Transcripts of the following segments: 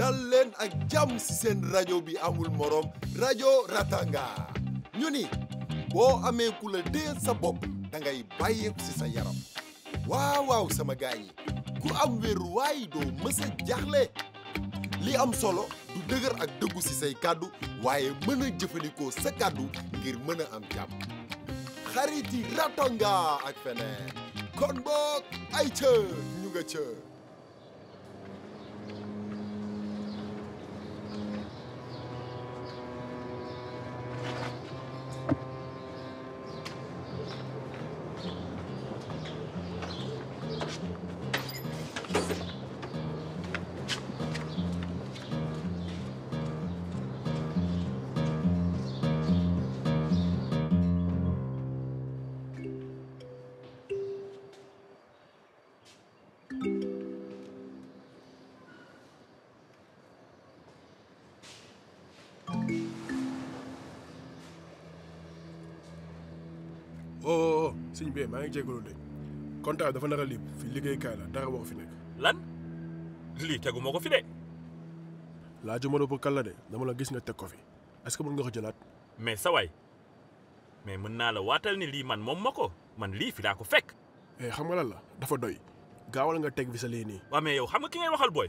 dal leen ak jàmm si seen rajo bi amul moroom rajo Ratanga ñu ni boo amee ku la dee sa bopp da ngay bàyyeeku si sa yaram waaw waaw sama gars yi ku am wéruwaay doo mës a li am solo du dëgër ak dëggu si say kàddu waaye mën a jëfandikoo sa kàddu ngir mën a am jàmm xarit yi Ratanga ak feneen kon boog ay ca ñu nga ca. sëñ bi maa ngi jégalu de comptable dafa nar a libre fi liggéeykaay la dara waxu fi nekk. lan lii tegu ma ko fi de. laaju ma ne pour kàlla de dama la gis nga teg ko fi est-ce que mën nga ko jëlaat. mais sa waay mais mën naa la waatal ni lii man moom ma ko man lii fi laa ko fekk. Eh, xam nga lan la dafa doy gaawal nga teg bi sa lii nii. waa mais yow xam nga ki ngay waxal booy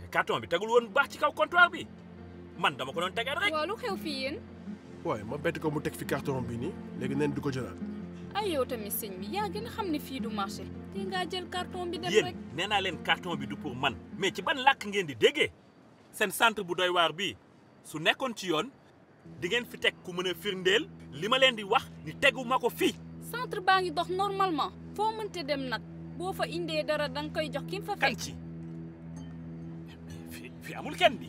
mais carton bi tegul woon baax ci kaw comptoir bi man dama ko doon tegaat waaye ma ko mu teg fi carton bi nii léegi neen du ko jëlaat. ay yow tamit sëñ bi yaa gën a xam ni fii du marché te ngaa jël carton bi dem rek nee naa leen carton bi du pour man mais ci ban làkk ngeen di déggee seen centre bu doy waar bi su nekkoon ci yoon di ngeen fi teg ku mën a firndeel li ma leen di wax ni tegu ma ko fii centre baa ngi dox normalement foo mënte dem nag boo fa indee dara danga koy jox kim fa fekk kan ci fi amul kenn bi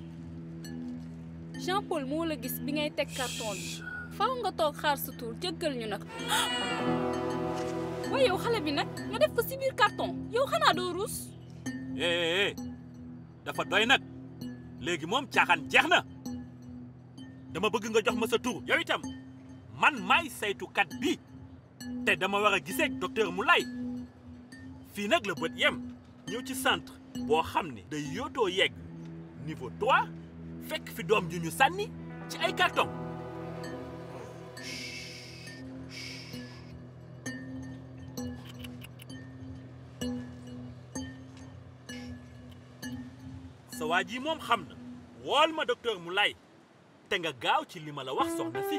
Jean Paul moo la gis bi ngay teg carton bi faaw nga toog xaar sa tuur jëggal ñu nag waaye yow xale bi nag nga def ko si biir yow xanaa doo ruus eh, eh, eh dafa doy nag léegi moom caaxaan jeex na dama bëgg nga jox ma sa tur yow itam man maay saytukat bi te dama war a gisee ak mu lay fii nag la bët yem ñëw ci sant boo xam ne day yootoo yegg niveau 3 fekk fi doom ju ñu sànni ci ay carton waa ji moom xam na wool ma docteur Moulay te nga gaaw ci li ma la wax soxna si.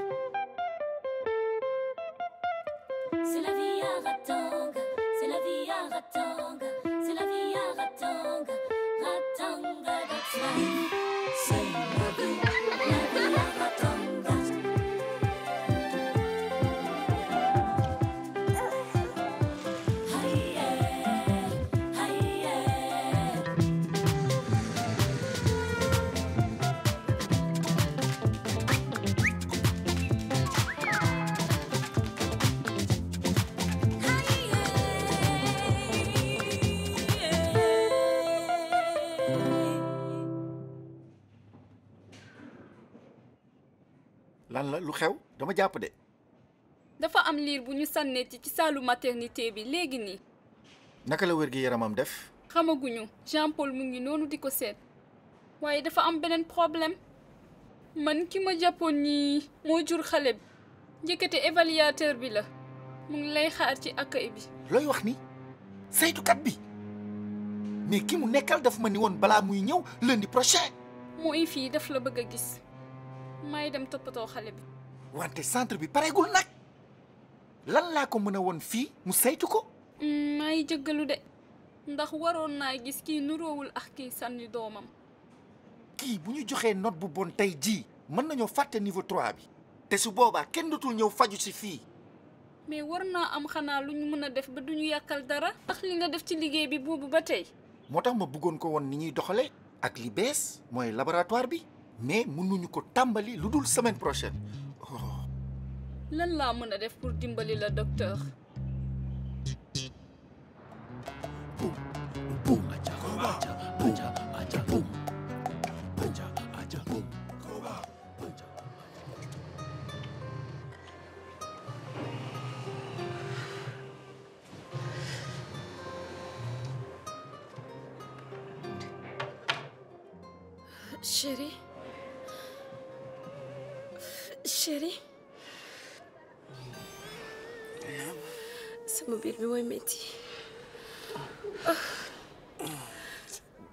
C'est la vie à Ratang, c'est la vie à Ratang, c'est la vie à Ratang, Ratang, that's life. lan la lu xew dama jàpp de. dafa am liir bu ñu sànneeti ci saalu maternité bi léegi nii. naka la wér gi yaramam def. xamaguñu Jean Paul mu ngi noonu di ko seet waaye dafa am beneen problème man ki ma jàppoon nii moo jur xale bi njëkkate évaluateur bi la mu ngi lay xaar ci accueil bi. looy wax ni saytukat bi mais ki mu nekkal daf ma ni woon balaa muy ñëw lundi prochain. mooy fii daf la bëgg a gis. may dem toppatoo xale bi. wante centre bi pareegul nag lan laa ko mën a woon fii mu saytu ko. Mm, may jëggalu de ndax waroon naa gis kii nuroowul ak kii sànni doomam. kii bu ñu joxee not bu bon tey jii mën nañoo fàtte niveau 3 bi. te su boobaa kenn dootul ñëw faju ci fii. mais war naa am xanaa lu ñu mën a def ba duñu ñu yàkkal dara. ndax li nga def ci liggéey bi boobu ba tey. moo tax ma bëggoon ko woon ni ñuy doxalee. ak li bees mooy laboratoire bi. mais mënuñu ko tàmbali lu dul semaine prochaine. lan laa mën a def pour dimbali la docteur. boum boum. chérie. chéri sama biir bi mooy métti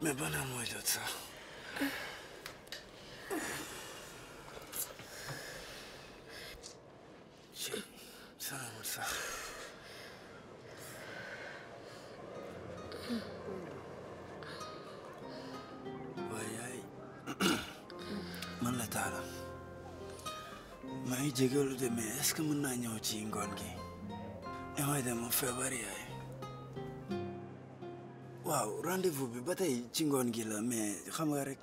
mais bana mooy jot sax jégalu de mais est naa ñëw ci ngoon gi eh, waaw rendez-vous bi ba tey ci ngoon gi la mais xam nga rek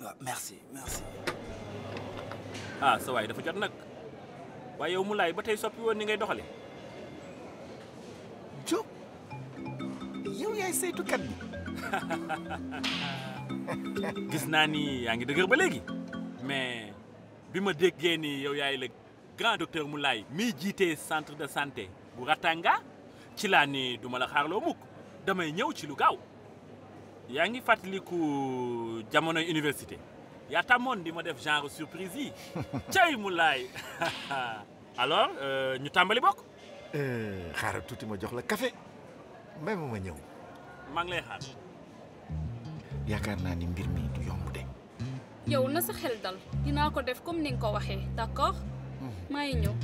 waaw merci merci ah, nag waaye yow mu ba tey soppi woon ngay doxale Diop yow yaay saytukat bi gis naa ni yaa ngi dëgër ba léegi mais bi ma déggee ni yow yaay la grand docteur Moulay miy jiitee centre de santé bu Ratanga ci laa ni duma la xaarloo mukk damay ñëw ci lu gaaw yaa ngi fàttaliku jamono université yaa tàmmoon di ma def genre surprise yi cay Moulay alors euh, ñu tàmbali bokk euh, xaaral tuuti ma jox la café même ma ñëw maa ngi lay xaar yaakaar naa ni mbir mi du yomb de yow na sa xel dal dinaa ko def comme ni nga ko waxee d'accord maa ngi ñëw.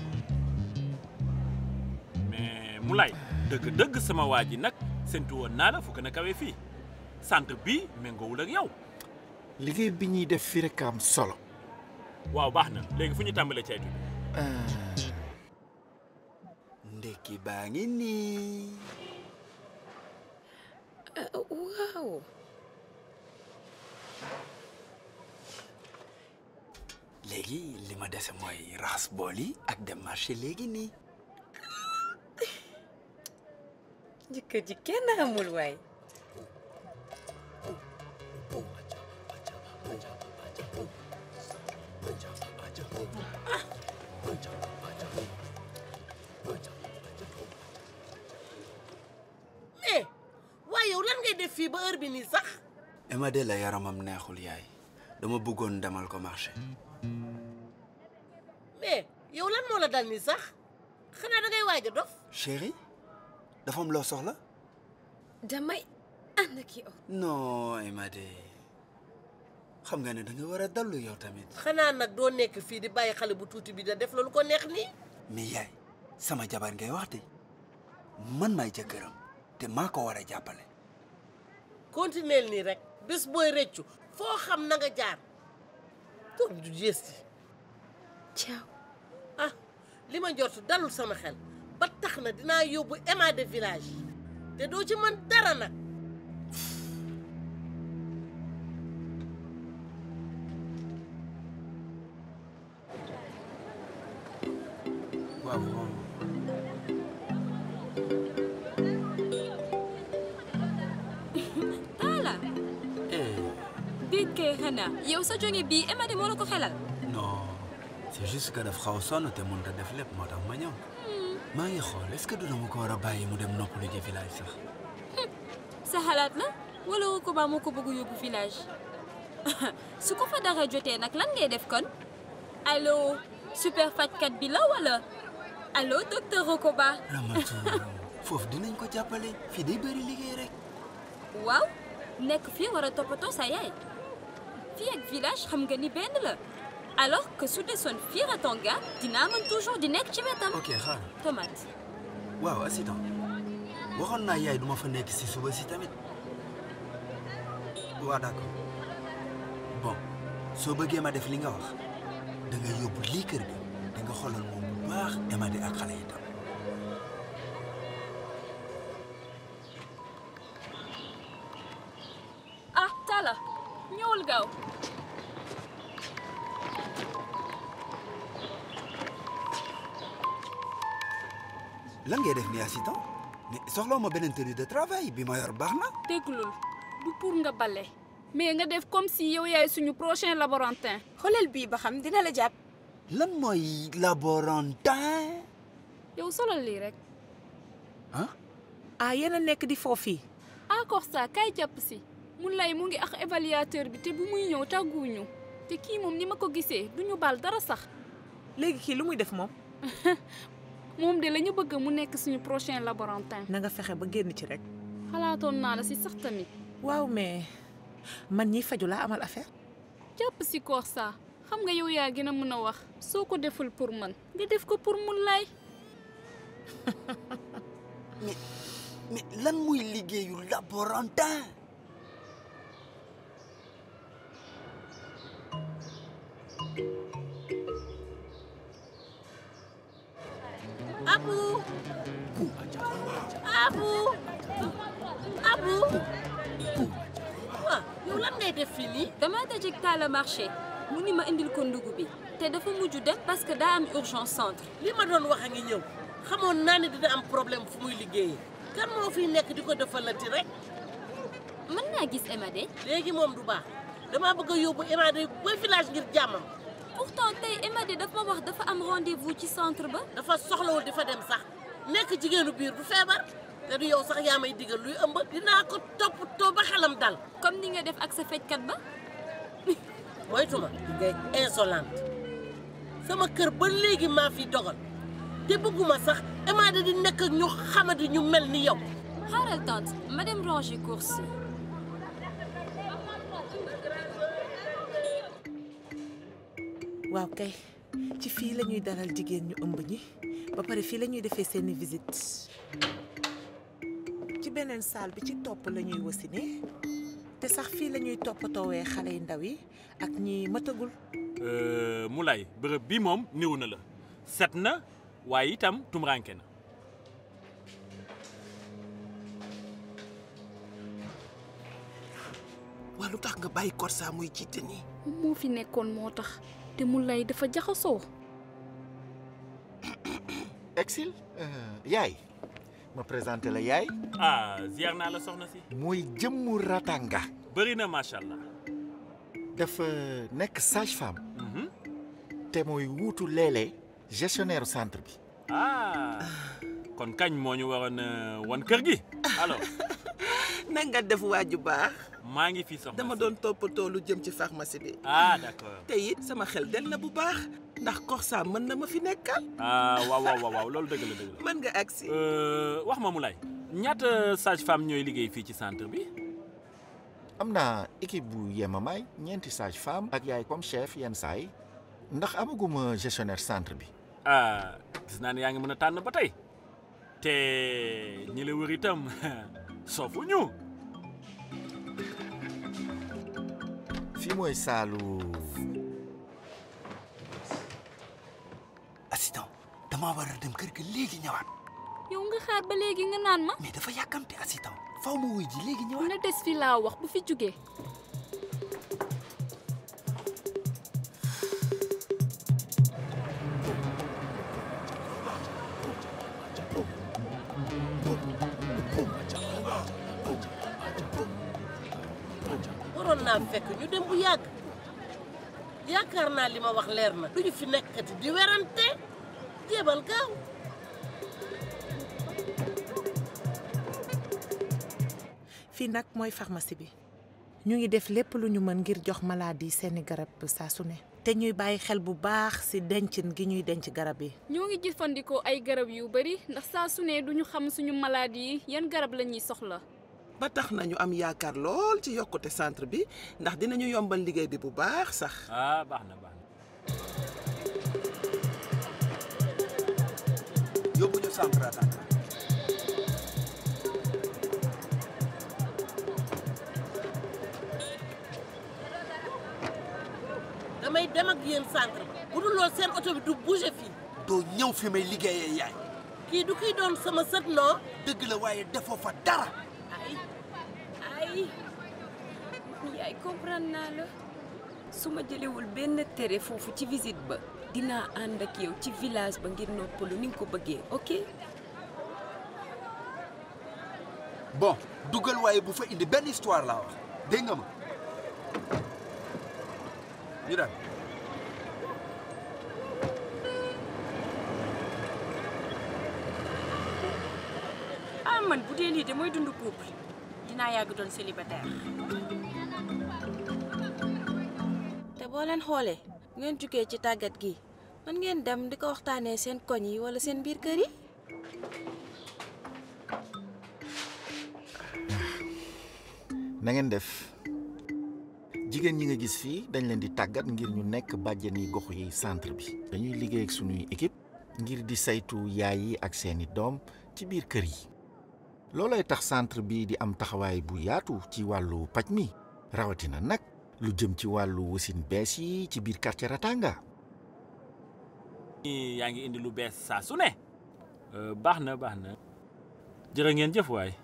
mais Moulay dëgg-dëgg sama waa ji nag séntu woon naa la fu gën a kawe fii centre bii méngoowul ak yow. liggéey bi ñuy def fii rek am solo. waaw baax na léegi fu ñu tàmbalee caytu. Ah, ndekki baa ngi nii. Ah, waaw. léegi li ma dese mooy raxas bool ak dem marché léegi nii. jëkkër ji kenn xamul waay. eh waaye yow ngay def ba heure bi nii sax. Emma de la neexul yaay dama buggoon demal ko marché. Hmm. ragal ni sax xanaa dangay waaj a dof. chérie dafa am loo soxla. damay ànd ak yow. non Emade xam nga ne danga war a dallu yow tamit. xanaa nag doo nekk fii di bàyyi xale bu tuuti bi da def la ko neex nii. mais yaay sama jabar ngay wax de man maay jëkkëram te maa ko war a jàppale. nii rek bés booy rëccu foo xam nanga nga jaar toog ju jees ci. ciao ah. li ma njortu dalul sama xel ba tax na dinaa yóbbu Emma village te doo ci mën dara taala eh. déet xanaa yow sa jóge bii Emma xelal c'est juste que xaw sonn te mënut a def lépp moo tax ma maa ngi xool est-ce que du ko war a bàyyi mu dem noppalu ji village sax. sa xalaat hm, la wala woo moo ko bëgg yóbbu village su ko fa dara jotee nag lan ngay def kon allo super fajkat bi la wala allo docteur Okoba. Ramatu foofu dinañ ko jàppale fii day bëri liggéey rek. waaw nekk fii war a toppatoo sa yaay fii ak village xam nga ni benn la. alors que su desoon fii Ratanga dinaa mën toujours di nekk ci wetam. ok xaar tomate. waaw assistant waxoon naa yaay duma fa nekk si suba si tamit waaw d'accord bon soo bëggee ma def li nga wax da yóbbu lii kër gi da nga xoolal moom bu baax ak xale yi lan ngay def ni assistant mais soxloo ma beneen tenue de travail bi ma yor baax na. déglul du pour nga bale mais nga def comme si yow yaay suñu prochain laborantin. xoolal bii ba xam dina la jàpp. lan mooy laborantin. yow solal lii rek. ah. ah yéen nekk di foofii. encore ah, ça kay jàpp si. mun lay mu ngi ak évaluateur bi te bu muy ñëw tàgguñu te kii moom ni ma ko gisee du ñu dara sax. léegi kii lu muy def moom. moom de la ñu bëgg mu nekk suñu prochain laborantin. na nga fexe ba génn ci rek. xalaatoon naa la si sax tamit. waaw mais man ñiy faju laa amal affaire. jàpp si koox xam nga yow yaa gina mën a wax soo ko deful pour man nga def ko pour mun laay. mais mais lan muy liggéeyu laborantin. Cheikh Dieng Talla marché mu ni ma indil ko ndugg bi te dafa mujj def parce que daa am urgence centre. li ma doon wax a ngi ñëw xamoon naa ne dina am problème fu muy liggéeyee kan moo fiy nekk di ko defalati rek. mën naa gis Emadé. léegi moom du baax dama bëgg a yóbbu Emadé ba village ngir jàmmam. pourtant tey Emadé daf wax dafa am rendez ci centre ba. dafa soxlawul di fa dem sax nekk jigéenu biir bu feebar te du yow sax yaa may diggal luy ëmb. dinaa ko toppatoo ba xelam dal. comme nga def ak sa fejkat ba. moytuma ngay insolente sama kër ba léegi maa fi dogal te bëgguma sax Amady di nekk ak ñu xamadi ñu mel ni yow. xaaral tante ma dem ranger course waaw kay ci fii la ñuy dalal jigéen ñu ëmb ñi ba pare fii lañuy ñuy defee seeni visit ci beneen salle bi ci topp lañuy ñuy wasine sax fii lañuy ñuy toppatoowee xale yu ndaw yi ak ñi matagul. Euh, Moulay bërëb bi moom néew na la set na waaye itam tumuraanke na. waa lu tax nga bàyyi Korsa muy jiite nii. moo fi nekkoon moo tax te mu Moulay dafa jaxasoo. exil euh, yaay. ma présenté la yaay. ah ziar naa la soxna si. mooy jëmmu ratanga. bëri na macha allah. dafa nekk sage femme. Mhm. te mooy wuutu léeg-léeg gestionnaire centre bi. ah kon kañ moo ñu waroon euh, wan kër gi alors. na nga def waaju baax. maa ngi fi soxna dama doon toppatoo lu jëm ci pharmacie bi. ah d'accord sama xel del na bu baax. ndax Korsa mën na ma fi nekkal. Ah, waaw waaw waaw loolu dëgg la dëgg la. mën nga agsi. Euh, wax ma Moulay. ñaata sage-femme ñooy liggéey fii ci centre bi. am na équipe bu yemamaay ñeenti sage-femme ak yaay comme chef yenn saay ndax amaguma gestionnaire santre bi. Ah, gis naa ne yaa ngi mën a tànn ba tey te ñi la wër itam soofu ñu. fii mooy saalu. damaa war a dem kër ga léegi ñëwaat. yow nga xaar ba léegi nga naan ma. mais dafa yàkkamti asitam faw ma wuy ji léegi ñëwaat. na des fi laa wax bu fi jugee. waroon naa fekk ñu dem bu yàgg yaakaar naa li ma wax leer na. lu ñu fi nekkati di werante. jébal gaaw fii nag mooy pharmacie bi ñu ngi def lépp lu ñu mën ngir jox malaadi seeni garab saa su ne te ñuy bàyyi xel bu baax ci dencin gi ñuy denc garab yi ñoo ngi jëfandikoo ay garab yu bari ndax saa su duñu xam suñu malade yi yan garab lañuy soxla ba tax nañu am yaakaar lool ci yokkute centre bi ndax dinañu yombal liggéey bi bu baax sax ah, centre-attaque damay dem ak yéen centre bu dul seen oto bi du bouger fii doo ñëw fi may liggéeyee yaay kii du kiy doon sama sët noo dëgg la waaye defoo fa dara ay ay yaay comprendre naa la su ma jëlewul benn tere foofu ci visite ba dinaa ànd ak yow ci village ba ngir noppalu ni ko bëggee ok. bon dugal waaye bu fa indi benn histoire laa wax dégg ma ñu ah, bu dee lii de mooy dund couple dinaa yàgg doon célibataire. te boo leen xoolee. ngeen jugee ci tàggat gi mën ngeen dem di ko waxtaanee seen koñ yi walla seen biir kër yi. na def jigéen ñi nga gis fii dañ leen di tàggat ngir ñu nekk bàjjen yi gox yi centre bi. dañuy liggéey ak sunuy équipe ngir di saytu yaay yi ak seeni doom ci biir kër yi. loolay tax centre bi di am taxawaay bu yaatu ci wàllu paj mi rawatina nag lu jëm ci wàllu wasin bees yi ci biir quartier Ratanga. yaa ngi indi lu bees saa euh, baax na baax na. jërë ngeen jëf waay.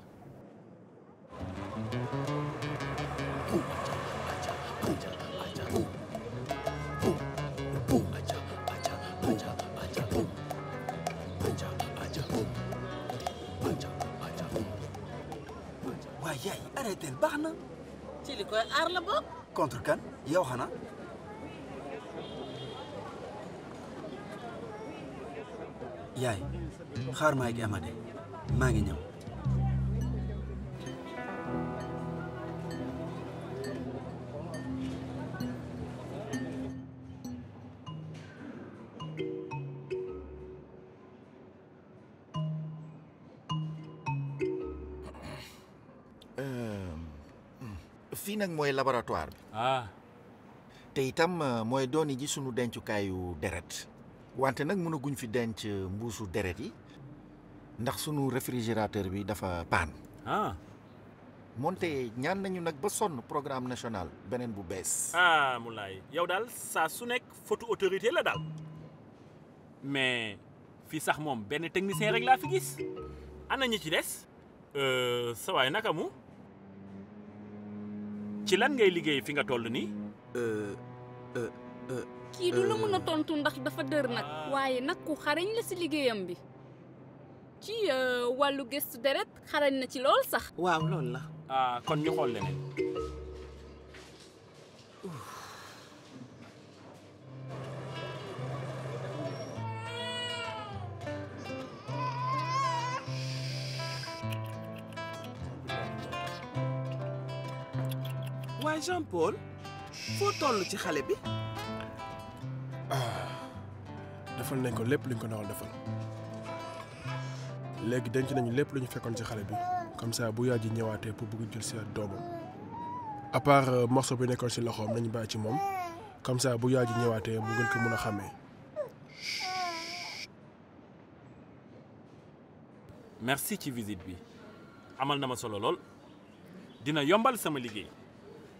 waaye yaay baax na. ci li koy aar la contre kan yow xanaa yaay xaar maa ngi amade maa ngi ñëw mooy laboratoire bi. ah. te itam euh, mooy dooni ji sunu dencukaayu deret. wante nag mënaguñ fi denc euh, mbuusu deret yi. ndax sunu réfrigérateur bi dafa paan. ah. moonte ñaan nañu nag ba sonn programme national beneen bu bees. ah Moulay yow daal saa su nekk photo autorité la daal. mais fii sax moom benn technicien rek laa fi gis. ana ñi ci des. Euh, sa waay naka mu. ci lan ngay liggéey fi nga toll nii. Euh, euh, euh, kii du la mën a tontu ndax dafa dër nag ah. waaye nag ku xarañ la si liggéeyam bi ci wàllu gëstu deret xarañ na ci lool sax. waaw loolu la. Ah, kon ñu leneen. waaye Jean Paul foo toll ci xale bi. Ah, defal nañ ko lépp luñ ko nawal defal léegi denc nañu lépp lu ñu fekkoon ci xale bi comme ça bu yaay ji ñëwaatee pour bugg jël si doomam à part euh, morceau bi nekkoon si loxoom nañu bàyyi ci moom comme ça bu yaay ji ñëwaatee mu gën ko mën a xàmmee. merci ci visite bi amal na ma solo lool dina yombal sama liggéey.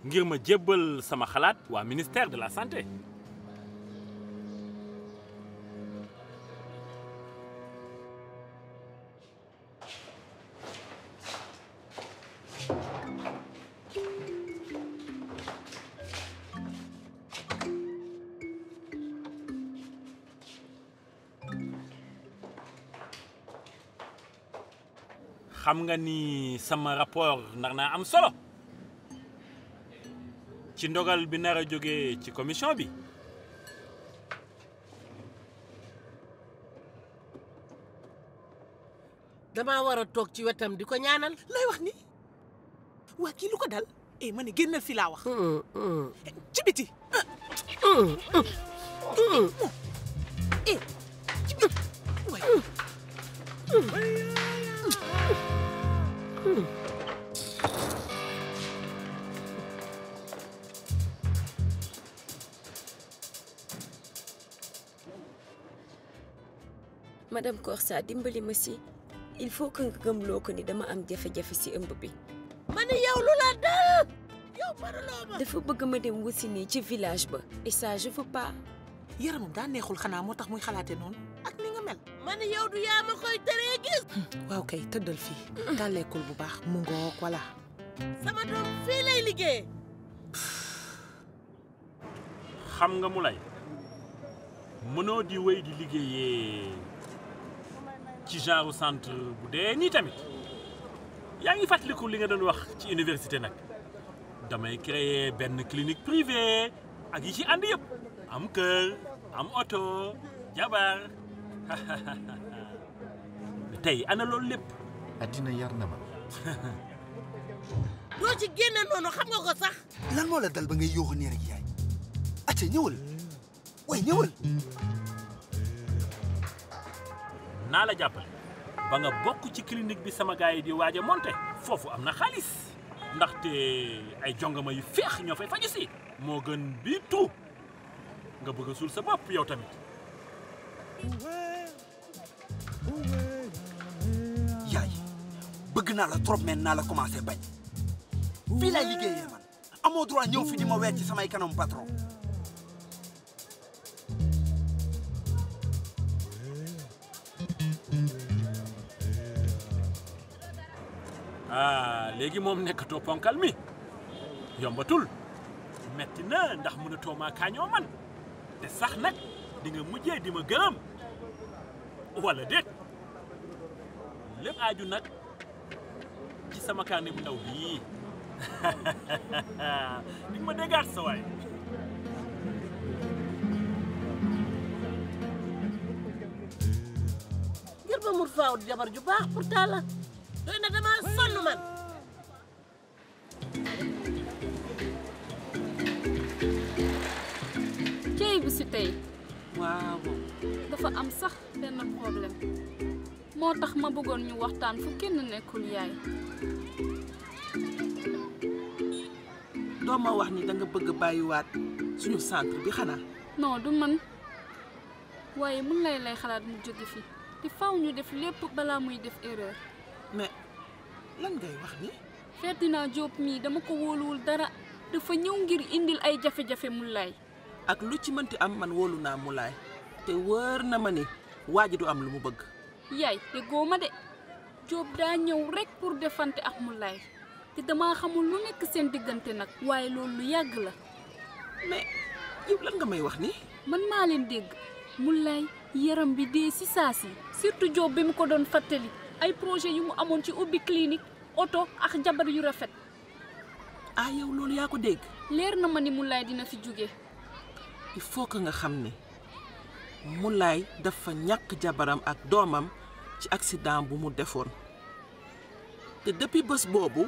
ngir ma jébbal sama xalaat waa ministère de la santé xam nga ni sama rapport nar naa am solo ci ndogal bi nar a jógee ci commission bi dama war a toog ci wetam di ko ñaanal lay wax ni waa ko dal eh ma ne fi laa wax mm, mm. ci biti eh ci biti waay mm, madame Corsa dimbali ma si il faut que nga gëmloo ko ni dama am jafe-jafe si ëmb bi. ma ni yow lu la dal yow paraloo ma. dafa bëgg ma dem wusi nii ci village ba et ça je yaramam daa neexul xanaa moo tax muy xalaate noonu ak ni nga mel. ma ni yow du yaa ma koy hmm, tëddal fii. tàlleekul bu baax mu ngoog wala. sama doom fii lay liggéey. nga mu ci genre centre bu dee nii tamit yaa ngi fàttaliku li nga doon wax ci université nag damay créer benn clinique privée ak yi ci ànd yëpp am kër am oto jabar tey ana loolu lépp. addina yar na ma. doo ci génne noonu xam nga ko sax. lan moo la dal ba ngay yóoxu nii yaay. acca ñëwal way ñëwal. naa la jàppale ba nga bokk ci clinique bi sama gars yi di waaj a monté foofu am na xaalis ndaxte ay jongama yu féex ñoo fay faju si moo gën bii tout nga bëgg a suul sa bopp yow tamit yaay bëgg naa la trop mais naa la commencé bañ fii laay liggéeyee man amoo droit ñëw fi di ma weer ci samay kanamu patron léegi moom nekkatoo ponkal mi yombatul metti na ndax mënatoo maa kaañoo man te sax nag dinga nga mujjee di ma gërëm wala déet lépp aaju nag ci sama kaani bu ndaw bii di ma déggaat sa waay ngir ba mur faaw jabar ju baax pour taala doy na dama sonn man dafa am sax benn problème moo tax ma bëggoon ñu waxtaan fu kenn nekkul yaay. doo ma wax ni danga bëgg bàyyiwaat suñu centre bi xanaa. non du man waaye mun lay lay xalaat mu jóge fi te faw ñu def lépp balaa muy def erreur. mais lan ngay wax ni. Ferdinand Diop mii dama ko wóoluwul dara dafa ñëw ngir indil ay jafe-jafe Moulay. ak lu ci mënti am man wóolu naa Moulay. te wër na ma ni waa ji du am lu mu bëgg. yaay te góoma de Jóob daa ñëw rek pour defante ak mu laay te damaa xamul lu nekk seen diggante nag. waaye loolu lu yàgg la. mais yow lan nga may wax ni man maa leen dégg mu laay yaram bi dee si saa si. surtout Jóob bi mu ko doon fàttali ay projet yu mu amoon ci ubbi clinique oto ak jabar yu rafet. ah yow loolu yaa ko dégg. leer na ma ni mu laay dina fi jóge il faut que nga xam ni. mu Moulay dafa ñàkk jabaram ak doomam ci accident bu mu defoon te dëppi bés boobu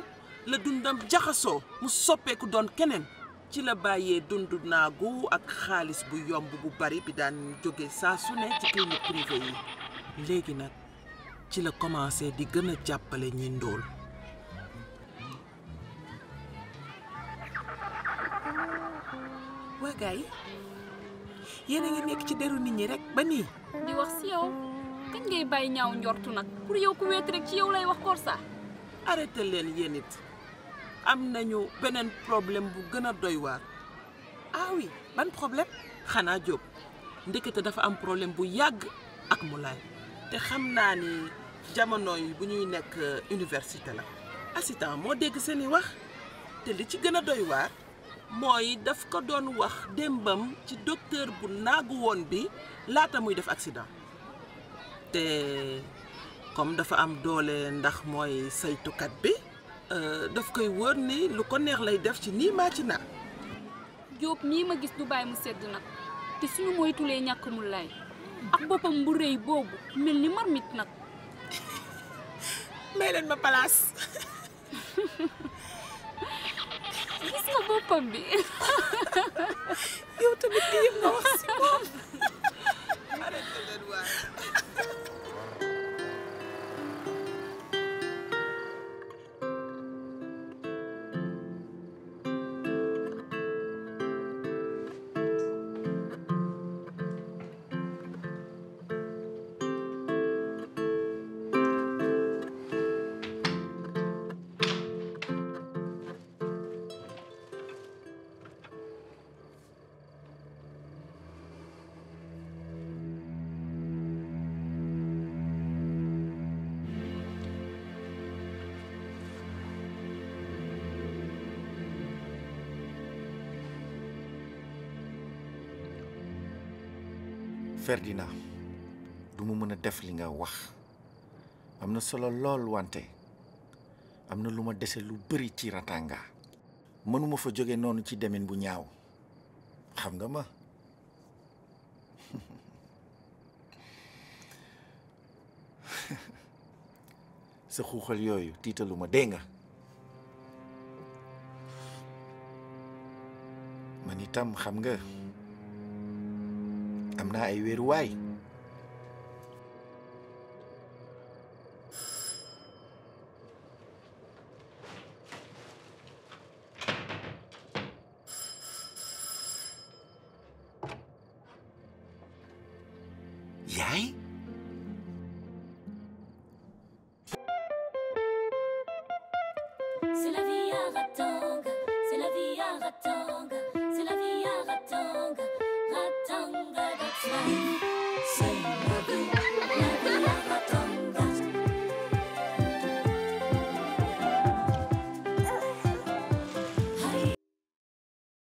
la dundam jaxasoo mu soppeeku doon keneen ci la bàyyee dundu naagu ak xaalis bu yomb bu bari bi daan jóge saa su ne ci clinique privé yi léegi nag ci la commencé di gëna jàppale ñi ndóol waa yéen a ngi nekk ci deru nit ñi rek ba nii. di wax si yow kañ ngay bàyyi ñaaw njortu nag pour yow ku weet rek ci yow lay wax Korsa. arrêté leen yéen it am nañu beneen problème bu gën a doy waar ah oui ban problème xanaa jóg ndekete dafa am problème bu yàgg ak mu Moulay te xam naa ni jamono yi bu ñuy nekk euh, université la assistant moo dégg seen i wax te li ci gën a doy mooy daf ko doon wax démbam ci docteur bu naagu woon bi laata muy def accident te comme dafa am doole ndax mooy saytukat bi euh, daf koy wóor ni lu ko neex lay def ci nii maa ci na Jóob nii ma gis du bàyyi mu sedd nag te suñu moytulee ñàkk mu laay ak boppam bu rëy boobu mel ni marmite nag may ma place sama boppam bi yow tamit di yëpp wax si Ferdinand du mu mën a def li nga wax am na solo lool wante am na lu ma dese lu bari ci Ratanga mënuma fa jóge noonu ci demin bu ñaaw xam nga ma sa xuuxal yooyu tiitalu ma dégg nga man itam xam nga na ay wéeruwaay